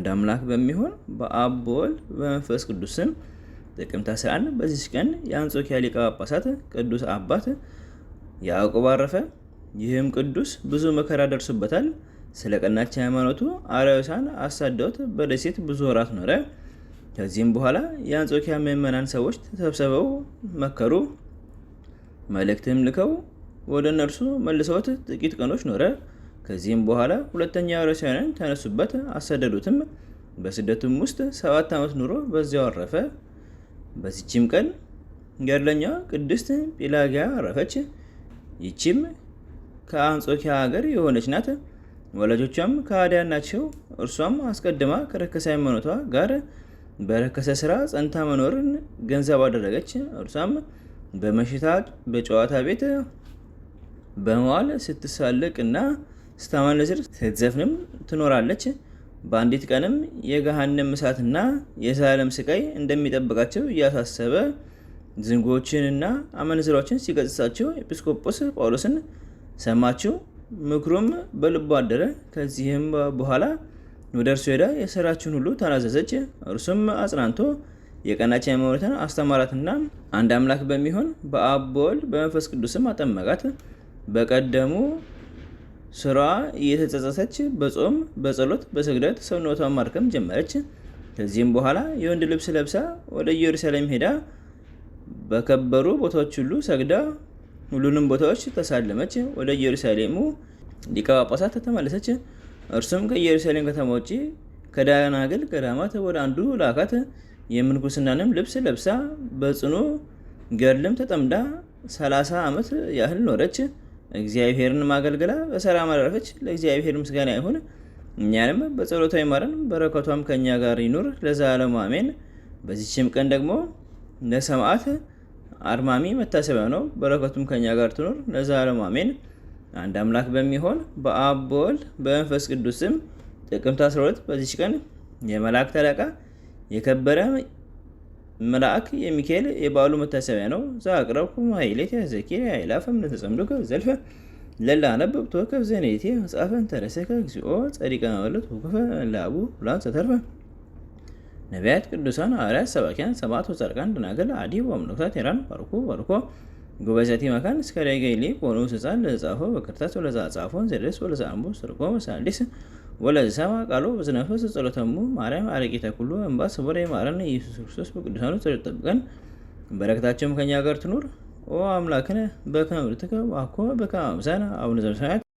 አንድ አምላክ በሚሆን በአብ በወልድ በመንፈስ ቅዱስ ስም ጥቅምት 11 በዚች ቀን የአንጾኪያ ሊቀ ጳጳሳት ቅዱስ አባት ያዕቆብ አረፈ። ይህም ቅዱስ ብዙ መከራ ደርሶበታል። ስለ ቀናች ሃይማኖቱ አርዮሳን አሳደውት በደሴት ብዙ ወራት ኖረ። ከዚህም በኋላ የአንጾኪያ ምዕመናን ሰዎች ተሰብስበው መከሩ። መልእክትም ልከው ወደ እነርሱ መልሰውት ጥቂት ቀኖች ኖረ። ከዚህም በኋላ ሁለተኛ ርዕሳውያንን ተነሱበት፣ አሰደዱትም። በስደቱም ውስጥ ሰባት ዓመት ኑሮ በዚያው አረፈ። በዚችም ቀን ገለኛ ቅድስት ጲላጊያ አረፈች። ይቺም ከአንጾኪያ ሀገር የሆነች ናት። ወላጆቿም ከአዲያ ናቸው። እርሷም አስቀድማ ከረከሰ ሃይማኖቷ ጋር በረከሰ ስራ ጸንታ መኖርን ገንዘብ አደረገች። እርሷም በመሽታ በጨዋታ ቤት በመዋል ስትሳለቅ እና ስታመነዝር ስትዘፍንም ትኖራለች። በአንዲት ቀንም የገሃነም እሳትና የዘላለም ስቃይ እንደሚጠብቃቸው እያሳሰበ ዝንጎችንና አመንዝሮችን ሲገጽሳቸው ኤጲስቆጶስ ጳውሎስን ሰማችው፣ ምክሩም በልቡ አደረ። ከዚህም በኋላ ወደ እርሱ ሄዳ የሰራችውን ሁሉ ተናዘዘች። እርሱም አጽናንቶ የቀናች ሃይማኖትን አስተማራትና አንድ አምላክ በሚሆን በአብ በወልድ በመንፈስ ቅዱስም አጠመቃት። በቀደሙ ስራ እየተጸጸሰች በጾም በጸሎት በስግደት ሰውነቷን ማርከም ጀመረች። ከዚህም በኋላ የወንድ ልብስ ለብሳ ወደ ኢየሩሳሌም ሄዳ በከበሩ ቦታዎች ሁሉ ሰግዳ ሁሉንም ቦታዎች ተሳለመች። ወደ ኢየሩሳሌሙ ሊቀ ጳጳሳት ተመለሰች። እርሱም ከኢየሩሳሌም ከተማ ውጪ ከደናግል ገዳማት ወደ አንዱ ላካት። የምንኩስናንም ልብስ ለብሳ በጽኑ ገድልም ተጠምዳ ሰላሳ ዓመት ያህል ኖረች። እግዚአብሔርን ማገልገላ በሰላም አላረፈች። ለእግዚአብሔር ምስጋና ይሁን፣ እኛንም በጸሎቷ ይማረን፣ በረከቷም ከእኛ ጋር ይኑር ለዘላለሙ አሜን። በዚችም ቀን ደግሞ ለሰማዕት አርማሚ መታሰቢያ ነው። በረከቱም ከእኛ ጋር ትኑር ለዘላለሙ አሜን። አንድ አምላክ በሚሆን በአብ በወልድ በመንፈስ ቅዱስ ስም ጥቅምት 12 በዚች ቀን የመላእክት አለቃ የከበረ መልአክ የሚካኤል የበዓሉ መታሰቢያ ነው። ዘአቅረብኩ ኃይሌት ያዘኪር ኃይላፈ እምነተጸምዱከ ዘልፈ ለላ አነብብ ተወከፍ ዘኔቴ ተረሰከ እግዚኦ ጸዲቀ መበለት ወከፈ ለአቡ ሁላን ተተርፈ ነቢያት፣ ቅዱሳን፣ ሐዋርያት፣ ሰባኪያን፣ ሰማዕት ወጻድቃን፣ ደናግል አዲ ወአምልኮታት ሄራን ባርኮ ባርኮ ጉበዘቲ መካን እስከ ዳይገይሌ ቆኖ ስጻን ለጻፈ በክርታስ ወለዛ ጻፎን ዘደስ ወለዛ አንቦ ስርቆ መሳልዲስ ወለዝሳማ ቃሎ በዝነፈስ ጸሎተሙ ማርያም አረቂተ ኩሉ እንባ ስቡረ ይማረን ኢየሱስ ክርስቶስ በቅዱሳኑ ተጠብቀን በረከታቸውም ከኛ ጋር ትኑር። ኦ አምላክነ በከመ ምልትከ ዋኮ በከመ አብሳነ አቡነ ዘበሰማያት